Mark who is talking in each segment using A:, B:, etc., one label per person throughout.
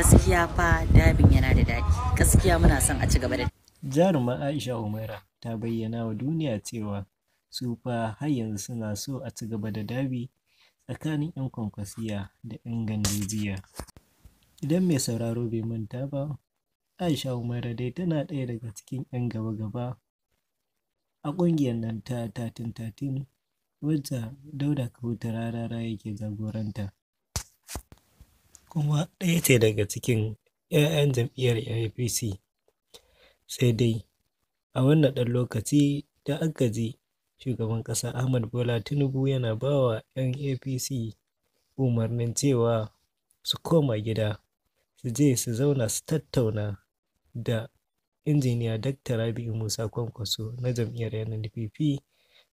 A: gaskiya fa dabin yana da daɗi gaskiya muna son a ci gaba da jaruma aisha umaira ta bayyana wa duniya cewa su fa har yanzu suna so a ci gaba da dabi tsakanin 'yan kwankwasiya da 'yan gandujiya idan mai sauraro bai manta ba aisha umaira dai tana ɗaya daga cikin 'yan gaba-gaba a ƙungiyar nan ta tatin tatin wacce dauda ta rarara yake jagoranta kuma ɗaya ce daga cikin 'ya'yan jam'iyyar APC. Sai dai, a wannan ɗan lokaci da aka ji shugaban ƙasa Ahmad Bola Tinubu yana ba wa 'yan APC umarnin cewa su koma gida, su je su zauna su tattauna da injiniya Dr. Rabi'u Musa Kwankwaso na jam'iyyar NNPP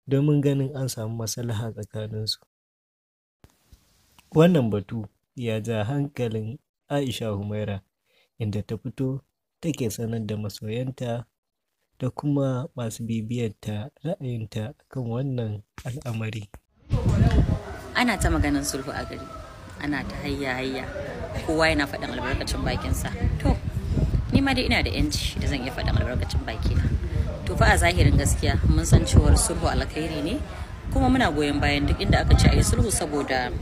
A: domin ganin an samu maslaha tsakaninsu. Wannan batu ya ja hankalin Aisha Humaira inda ta fito take sanar da masoyanta da kuma masu bibiyarta ra'ayinta kan wannan al'amari.
B: Ana ta maganin sulhu a gari, ana ta hayya-hayya, kowa yana faɗin albarkacin bakinsa. To, ni ma dai ina da yanci da zan iya faɗin albarkacin bakina. To fa a zahirin gaskiya mun san cewar sulhu alkhairi ne, kuma muna goyon bayan duk inda aka ci a yi sulhu saboda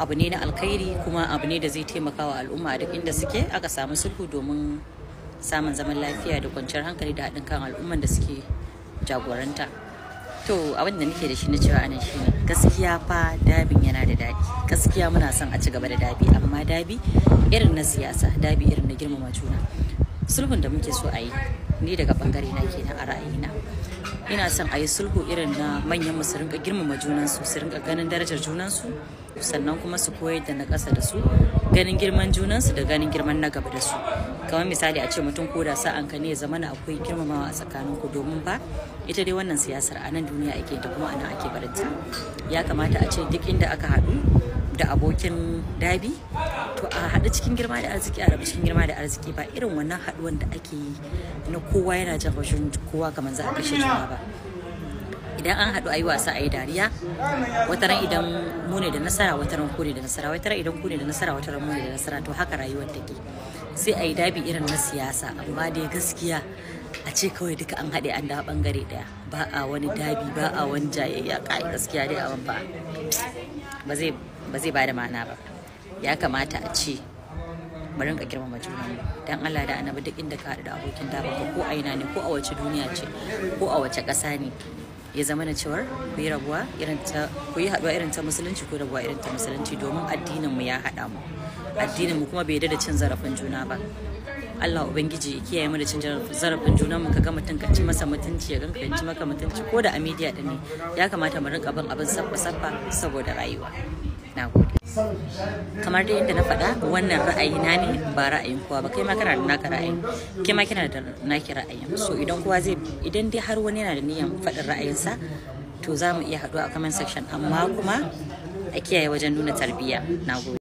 B: abu ne na alkhairi kuma abu ne da zai taimaka wa al'umma duk inda suke aka samu sulhu domin samun zaman lafiya da kwanciyar hankali da haɗin kan al'umman da suke jagoranta to abin da nake da shi na cewa anan shi gaskiya fa dabin yana da dadi. gaskiya muna son a ci gaba da dabi amma dabi irin na siyasa dabi irin na girmama juna sulhun da muke so a yi ni daga bangare na kenan a ra'ayina ina son a yi sulhu irin na manyan mu su rinka girmama junansu su rinka ganin darajar junansu sannan kuma su koyar da na ƙasa da su ganin girman junansu da ganin girman na gaba da su kamar misali a ce mutum koda da sa'an ka ne ya zama na akwai girmamawa a tsakanin ku domin ba ita dai wannan siyasar a nan duniya ake da kuma a nan ake barinta ya kamata a ce duk inda aka haɗu da abokin dabi to a haɗu cikin girma da arziki a rabu cikin girma da arziki ba irin wannan haɗuwan da ake yi na kowa yana jan kowa kamar za a kashe juna ba idan an haɗu a yi wasa a yi dariya wataran idan mu ne da nasara wataran ku ne da nasara wataran idan ku ne da nasara wataran mu ne da nasara to haka rayuwar take sai a yi dabi irin na siyasa amma dai gaskiya a ce kawai duka an haɗe an dawo ɓangare ɗaya ba a wani dabi ba a wani jayayya kai gaskiya dai a ba ba zai ba zai ba da ma'ana ba ya kamata a ce mu rinka girmama juna dan Allah da annabi duk inda ka haɗu da abokin daban ko a ina ne ko a wace duniya ce ko a wace ƙasa ne ya zama na cewar ku yi rabuwa irin ta ku yi haɗuwa irin ta musulunci ko rabuwa irin ta musulunci domin addinin mu ya haɗa mu addinin mu kuma bai yarda da cin zarafin juna ba Allah ubangiji ya kiyaye mu da cin zarafin juna mu ka ga mutum ka ci masa mutunci ya ganka ya ci maka mutunci ko da a media din ne ya kamata mu rinka bin abin sabba sabba saboda rayuwa nagode kamar dai yadda na faɗa wannan ra'ayi na ne ba ra'ayin kowa ba kai ma kana da naka ra'ayin kai ma kina da naki ra'ayin so idan kowa zai idan dai har wani yana da niyyar faɗin ra'ayinsa to za mu iya haɗuwa a comment section amma kuma a kiyaye wajen nuna tarbiyya nagode